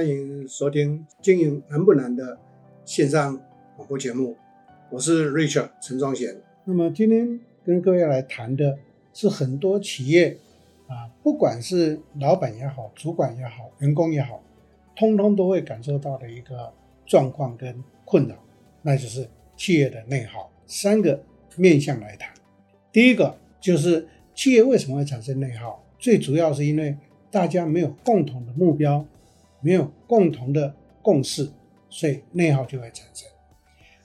歡迎收聽《經營難不難》的線上廣播節目，我是 Richard 陳宗賢。那麼今天跟各位來談的是很多企業啊，不管是老闆也好、主管也好、員工也好，通通都會感受到的一個狀況跟困擾，那就是企業的內耗。三個面向來談，第一個就是企業為什麼會產生內耗？最主要是因為大家沒有共同的目標。沒有共同的共識，所以內耗就會產生。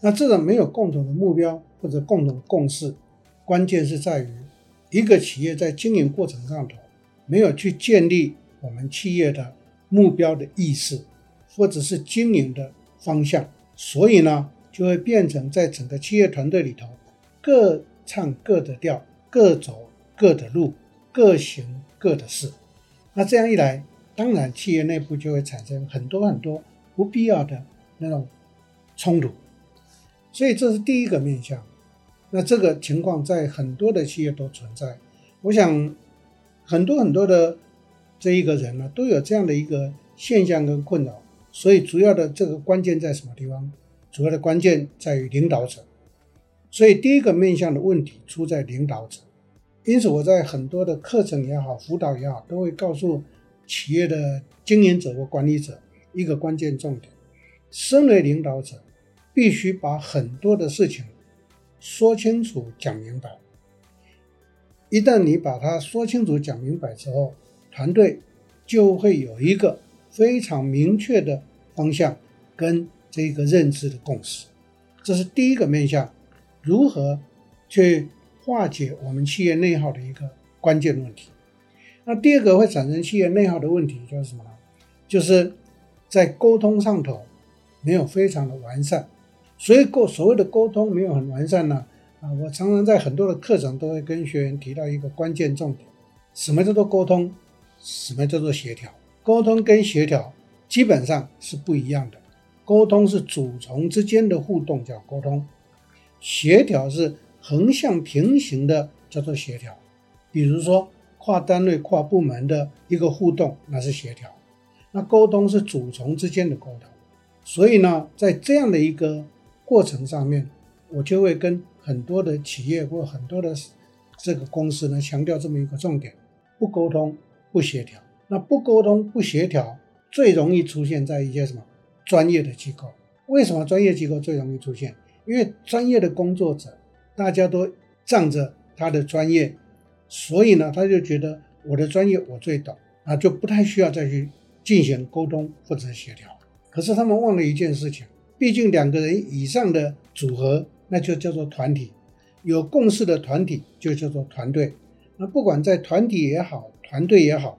那這種沒有共同的目標或者共同的共識，關鍵是在於一個企業在經營過程上頭沒有去建立我們企業的目標的意識，或者是經營的方向，所以呢，就會變成在整個企業團隊裡頭，各唱各的調，各走各的路，各行各的事。那這樣一來，當然，企業內部就會產生很多很多不必要的那種衝突，所以這是第一個面向。那這個情況在很多的企業都存在。我想，很多很多的這一個人呢，都有這樣的一個現象跟困擾。所以，主要的這個關鍵在什麼地方？主要的關鍵在於領導者。所以，第一個面向的問題出在領導者。因此，我在很多的課程也好，輔導也好，都會告訴。企業的經營者或管理者，一個關鍵重點，身為領導者，必須把很多的事情說清楚、講明白。一旦你把它說清楚、講明白之後，團隊就會有一個非常明確的方向跟這個認知的共識。這是第一個面向，如何去化解我們企業內耗的一個關鍵問題。那第二個會產生企業內耗的問題，就是什麼呢？就是在溝通上頭沒有非常的完善，所以溝所謂的溝通沒有很完善呢。啊，我常常在很多的課程都會跟學員提到一個關鍵重點：什麼叫做溝通？什麼叫做協調？溝通跟協調基本上是不一樣的。溝通是主從之間的互動叫溝通，協調是橫向平行的叫做協調。比如說，跨單位、跨部門的一個互動，那是協調；那溝通是主從之間的溝通。所以呢，在這樣的一個過程上面，我就會跟很多的企業或很多的這個公司呢，強調這麼一個重點：不溝通，不協調。那不溝通、不協調，最容易出現在一些什麼專業的機構？為什麼專業機構最容易出現？因為專業的工作者，大家都仗着他的專業。所以呢，他就覺得我的專業我最懂啊，那就不太需要再去進行溝通或者協調。可是他們忘了一件事情，畢竟兩個人以上的組合，那就叫做團體；有共識的團體就叫做團隊。那不管在團體也好，團隊也好，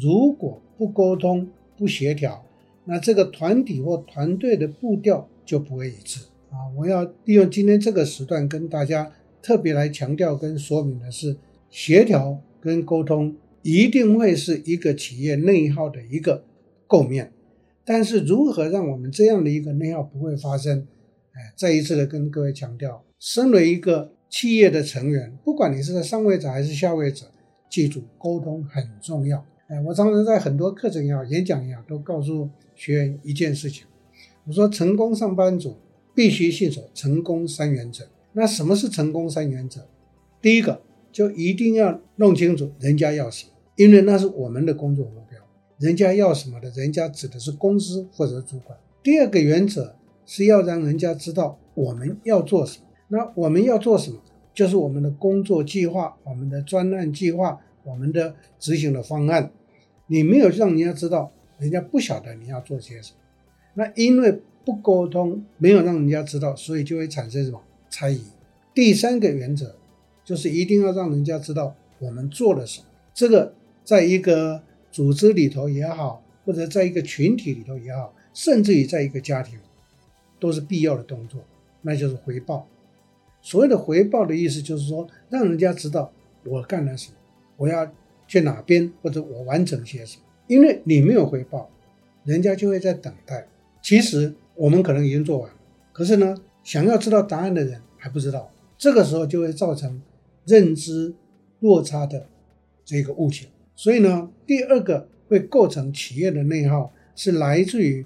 如果不溝通、不協調，那這個團體或團隊的步調就不會一致啊。我要利用今天這個時段跟大家特別來強調跟說明的是。協調跟溝通一定會是一個企業內耗的一個構面，但是如何讓我們這樣的一個內耗不會發生？哎，再一次的跟各位強調，身為一個企業的成員，不管你是在上位者還是下位者，記住溝通很重要。哎，我常常在很多課程也好、演講也好，都告訴學員一件事情：我說，成功上班族必須信守成功三原則。那什麼是成功三原則？第一個。就一定要弄清楚人家要什麼，因為那是我們的工作目標。人家要什麼的，人家指的是公司或者主管。第二個原則是要讓人家知道我們要做什麼。那我們要做什麼，就是我們的工作計劃、我們的專案計劃、我們的執行的方案。你沒有讓人家知道，人家不曉得你要做些什麼。那因為不溝通，沒有讓人家知道，所以就會產生什麼猜疑。第三個原則。就是一定要讓人家知道我們做了什麼，這個在一個組織裡頭也好，或者在一個群體裡頭也好，甚至於在一個家庭，都是必要的動作，那就是回報。所謂的回報的意思就是說，讓人家知道我幹了什麼，我要去哪邊，或者我完成些什麼。因為你沒有回報，人家就會在等待。其實我們可能已經做完，可是呢，想要知道答案的人還不知道，這個時候就會造成認知落差的這個誤解，所以呢，第二個會構成企業的內耗，是來自於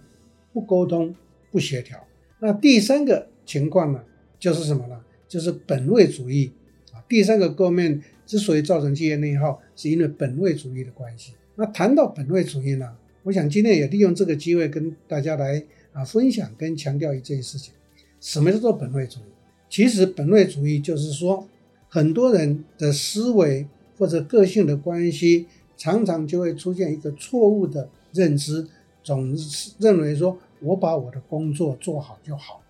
不溝通、不協調。那第三個情況呢，就是什麼呢？就是本位主義啊。第三個方面之所以造成企業內耗，是因為本位主義的關係。那談到本位主義呢，我想今天也利用這個機會跟大家來啊分享跟強調一件事情。什麼叫做本位主義？其實本位主義就是說。很多人的思維或者個性的關係，常常就會出現一個錯誤的認知，總是認為說我把我的工作做好就好，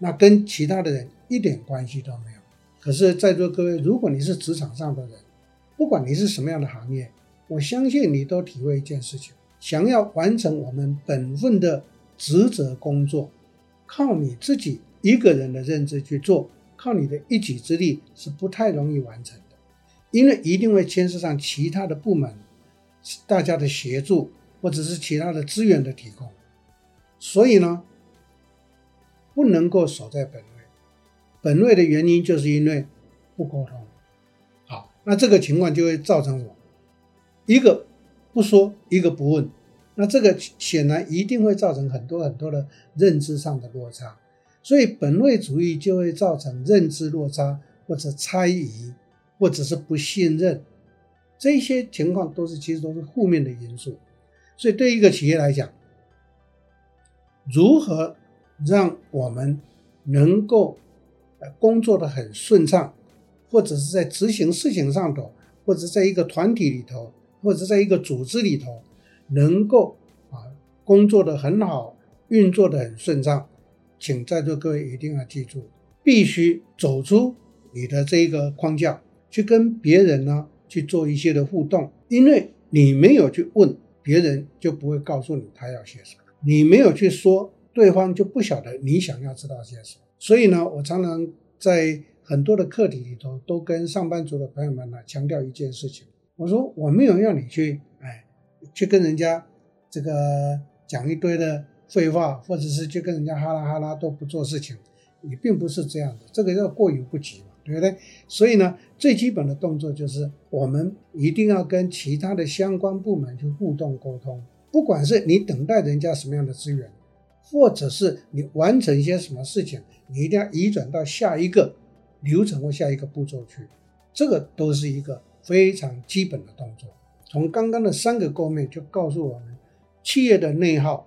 那跟其他的人一點關係都沒有。可是，在座各位，如果你是職場上的人，不管你是什麼樣的行業，我相信你都體會一件事情：想要完成我們本分的職責工作，靠你自己一個人的認知去做。靠你的一己之力是不太容易完成的，因為一定會牽涉上其他的部門，大家的協助或者是其他的資源的提供，所以呢，不能夠守在本位。本位的原因就是因為不溝通。好，那這個情況就會造成什麼？一個不說，一個不問，那這個顯然一定會造成很多很多的認知上的落差。所以本位主義就會造成認知落差，或者猜疑，或者是不信任，這些情況都是其實都是負面的因素。所以對一個企業來講，如何讓我們能夠呃工作的很順暢，或者是在執行事情上頭，或者在一個團體裡頭，或者在一個組織裡頭，能夠啊工作的很好，運作的很順暢。請在座各位一定要記住，必須走出你的這個框架，去跟別人呢去做一些的互動，因為你沒有去問，別人就不會告訴你他要些什麼；你沒有去說，對方就不曉得你想要知道些什麼。所以呢，我常常在很多的課題裡頭，都跟上班族的朋友們呢強調一件事情：我說我沒有要你去哎去跟人家這個講一堆的。廢話，或者是就跟人家哈拉哈拉都不做事情，你並不是這樣的，這個要過猶不及嘛，對不對？所以呢，最基本的動作就是我們一定要跟其他的相關部門去互動溝通。不管是你等待人家什麼樣的資源，或者是你完成一些什麼事情，你一定要移轉到下一個流程或下一個步驟去，這個都是一個非常基本的動作。從剛剛的三個構面就告訴我們，企業的內耗。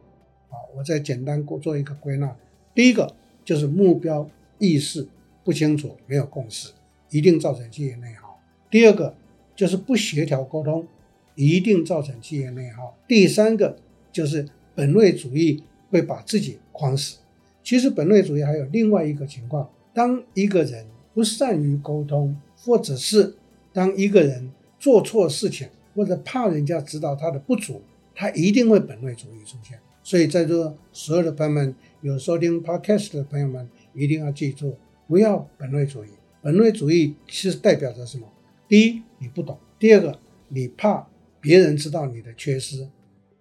好，我再簡單做做一個歸納。第一個就是目標意識不清楚，沒有共識，一定造成企業內耗。第二個就是不協調溝通，一定造成企業內耗。第三個就是本位主義會把自己框死。其實本位主義還有另外一個情況：當一個人不善於溝通，或者是當一個人做錯事情，或者怕人家知道他的不足，他一定會本位主義出現。所以，在座所有的朋友們，有收聽 podcast 的朋友們，一定要記住，不要本位主義。本位主義其實代表着什麼？第一，你不懂；第二個，你怕別人知道你的缺失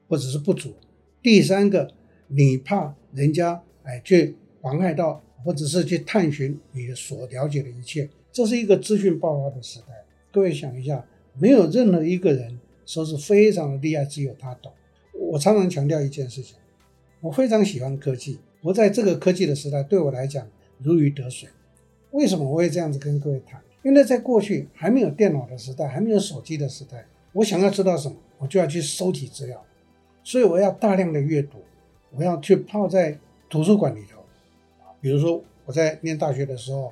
或者是不足；第三個，你怕人家哎去妨礙到，或者是去探尋你所了解的一切。這是一個資訊爆發的時代，各位想一下，沒有任何一個人說是非常的厲害，只有他懂。我常常強調一件事情，我非常喜歡科技，我在這個科技的時代，對我來講如魚得水。為什麼我會這樣子跟各位談？因為在過去還沒有電腦的時代，還沒有手機的時代，我想要知道什麼，我就要去搜集資料，所以我要大量的閱讀，我要去泡在圖書館裡頭。比如說我在念大學的時候，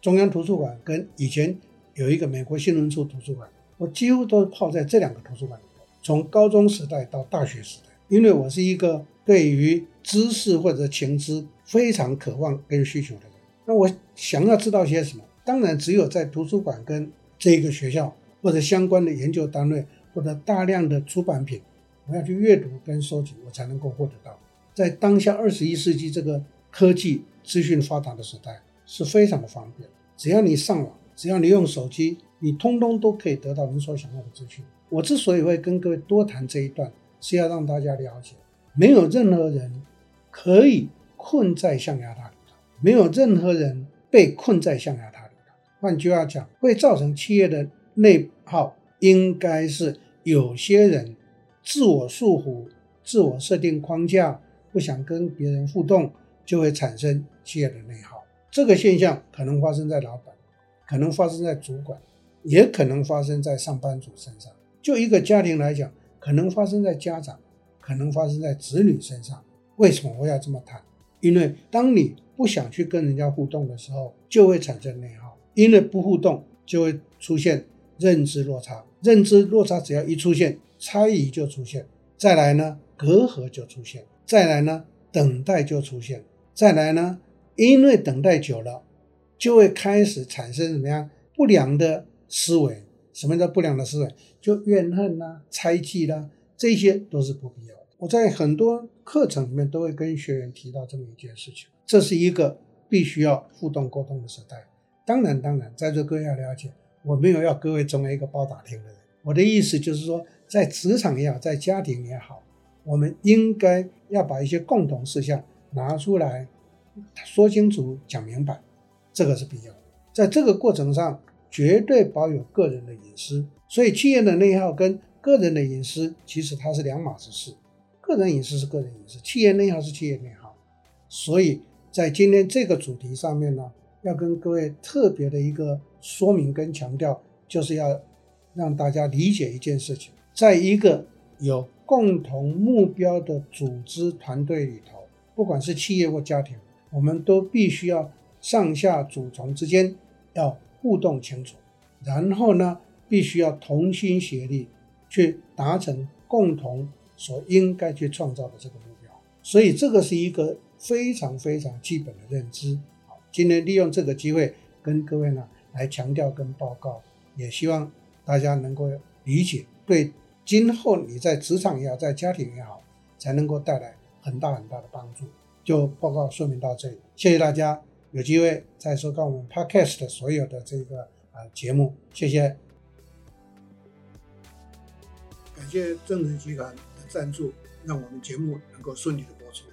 中央圖書館跟以前有一個美國新聞處圖書館，我幾乎都泡在這兩個圖書館裡。從高中時代到大學時代，因為我是一個對於知識或者情知非常渴望跟需求的人。那我想要知道些什麼？當然只有在圖書館跟這個學校或者相關的研究單位或者大量的出版品，我要去閱讀跟收集，我才能夠獲得到。在當下二十一世紀這個科技資訊發達的時代，是非常的方便，只要你上網，只要你用手機。你通通都可以得到你所想要的資訊。我之所以會跟各位多談這一段，是要讓大家了解，沒有任何人可以困在象牙塔裡頭，沒有任何人被困在象牙塔裡頭。換句話講，會造成企業的內耗，應該是有些人自我束縛、自我設定框架，不想跟別人互動，就會產生企業的內耗。這個現象可能發生在老板，可能發生在主管。也可能發生在上班族身上。就一個家庭來講，可能發生在家長，可能發生在子女身上。為什麼我要這麼談？因為當你不想去跟人家互動的時候，就會產生內耗。因為不互動，就會出現認知落差。認知落差只要一出現，猜疑就出現。再來呢，隔閡就出現。再來呢，等待就出現。再來呢，因為等待久了，就會開始產生什麼樣不良的。思維，什麼叫不良的思維？就怨恨吶、啊、猜忌啦、啊，這些都是不必要的。我在很多課程裡面都會跟學員提到這麼一件事情，這是一個必須要互動溝通的時代。當然，當然，在座各位要了解，我沒有要各位成為一個包打聽的人。我的意思就是說，在職場也好，在家庭也好，我們應該要把一些共同事項拿出來說清楚、講明白，這個是必要的。在這個過程上，絕對保有個人的隱私，所以企業的內耗跟個人的隱私其實它是兩碼子事。個人隱私是個人隱私，企業內耗是企業內耗。所以在今天這個主題上面呢，要跟各位特別的一個說明跟強調，就是要讓大家理解一件事情：在一個有共同目標的組織團隊裡頭，不管是企業或家庭，我們都必須要上下主從之間要。互動清楚，然後呢，必須要同心協力去達成共同所應該去創造的這個目標。所以這個是一個非常非常基本的認知。好，今天利用這個機會跟各位呢來強調跟報告，也希望大家能夠理解，對今後你在職場也好，在家庭也好，才能夠帶來很大很大的幫助。就報告說明到這裡，謝謝大家。有機會再收看我們 podcast 的所有的這個啊節目，謝謝。感謝正直集團的贊助，讓我們節目能夠順利的播出。